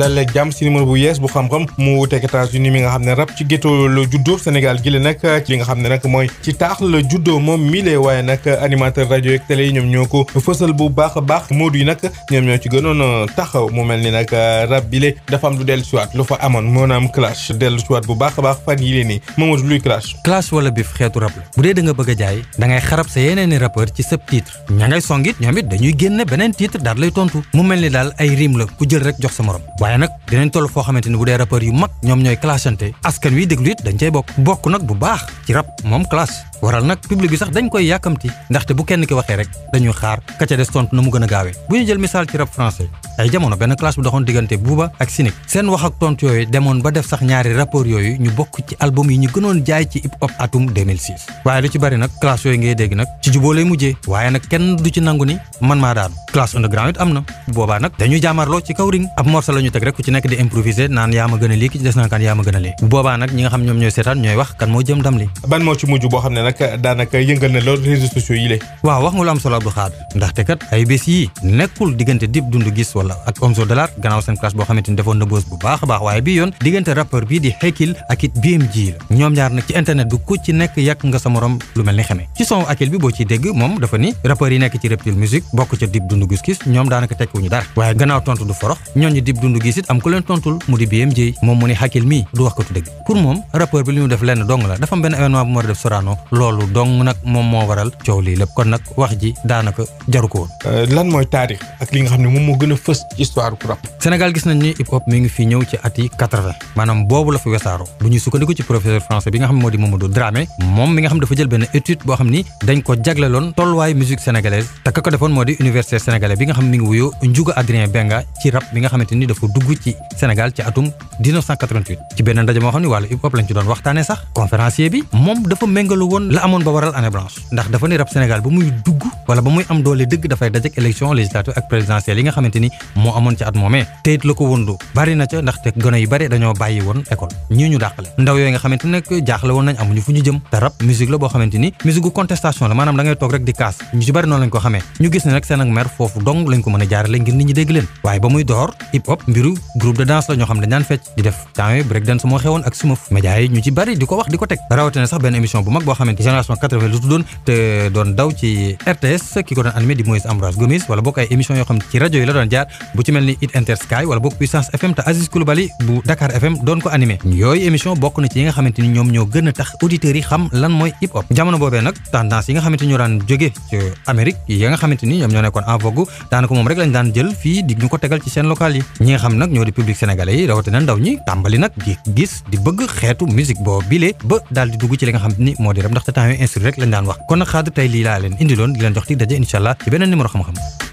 dalee jàmm si numéro bu yees bu xam-xam mu wuteek États-Unis mi nga xam ne rab ci ghetto la juddoo Sénégal gi la nag ci li nga xam ne nag mooy ci taax la juddoo moom mii lee waaye nag animateur rajo yeeg télé yi ñoom ñoo ko fësal bu baax a baax yi nag ñoom ñoo ci gënoon taxaw mu mel ni nag rab bi le dafa am lu dellu siwaat lu fa amoon moonaam clash dellu siwaat bu baax a baax fan yi leen nii Mamadou luy clash clash wala bif xeetu rab la bu dee da nga bëgg a jaay da ngay xarab sa yeneeni rappeur ci sëb titre ña ngay songit ñoom it dañuy génne beneen titre daal lay tontu mu mel ni daal ay rime la ku jël rek jox sa morom waaye nag dinañ toll foo xamante ni bu dee rappeurs yu mag ñoom ñooy clashante askan wi déglu it dañ cay bokk bokk nag bu baax ci rap moom clash waral nag public bi sax dañ koy yàkkamti ndaxte bu kenn ki waxee rek dañuy xaar ka des tontu na mu gën a bu ñu jël misaal ci rap français ay jamono benn classe bu doxoon diggante Booba ak Sinik seen wax ak tontu yooyu demoon ba def sax ñaari rapport yooyu ñu bokk ci album yi ñu gënoon jaay ci hip hop atum waaye lu ci bari nag classe yooyu ngay dégg nag ci juboo lay mujjee waaye nag kenn du ci nangu ni man maa daanu classe underground it am na nag daanaka waaw wax nga lu am solo Abdou Khadre ndaxte kat ay bés yi nekkul diggante Dip Doundou Guiss wala ak Omzo Dollar gannaaw seen clash boo xamante ni defoon na bu baax a baax waaye bii yoon diggante rappeur bii di Hakill ak it BMG la ñoom ñaar nag ci internet bi ku ci nekk yàq nga sa morom lu mel ni xamee ci son Hakill bi boo ciy dégg moom dafa ni rappeur yi nekk ci Reptile Musique bokk ca Dip Doundou Guiss ñoom daanaka tekkiwuñu dara waaye gannaaw tontu du loolu dong nag moom moo waral coow lii lépp kon nag wax ji daanaka jaru ko woon. Euh, lan mooy taarix ak li nga xam ne moom moo gën a fës histoire bu rap. Sénégal gis nañ ni hip hop mi ngi fi ñëw ci at yi quatre-vingt maanaam boobu la fi wesaaroo bu ñu sukkandiku ci professeur français bi nga xam moo di Mamadou Dramé moom mi nga xam dafa jël benn étude boo xam ni dañ ko jagleloon tolluwaay musique sénégalaise te ka ko defoon moo di université sénégalaise bi nga xam mi ngi wuyoo ni dafa dugg ci Sénégal ci atum 1988 ci benn ndaje moo xam ne wàllu hip hop lañ ci doon waxtaanee sax conférencier bi moom dafa méngalu woon la amoon ba waral année blanche ndax dafa ni rap Sénégal ba muy dugg wala ba muy am doole dëgg dafay dajek élection législative ak présidentielle yi nga xamante ni moo amoon ci at moomee te la ko wundu bari na ca ndaxte gone yu bari dañoo bàyyi woon école ñii ñu dàqale ndaw yooyu nga xamante ne jaaxle woon nañ amuñu fu ñu jëm te rap musique di def temps yooyu break dance moo xewoon ak suma média yi ñu ci bari di ko wax di ko teg rawatina sax benn émission bu mag boo xamante génération 80 te doon daw ci RTS ki ko doon animé di Moïse Ambroise Gomis wala boog ay émission yoo xam ci rajo yi la doon jaar bu ci mel ni It Inter Sky wala boog Puissance FM te Aziz Koulibaly bu Dakar FM doon ko animé yooyu émission bokk na ci yi nga xamante ñoo gën a tax auditeurs yi xam lan mooy hip hop jamono ñoo daan jóge ci Amérique yi nga xamante en vogue daanaka moom rek lañ daan jël fii di ñu ko tegal ci chaîne locale yi ñi nga xam ñi tàmbali nag di gis di bëgg xeetu musique boo bile ba daal di dugg ci li nga xam ni moo di rap ndaxte temps yooyu instru rek lañ daan wax kon nag xaadu tey lii laa leen indiloon di leen jox di daje incha ci beneen numéro xam-xam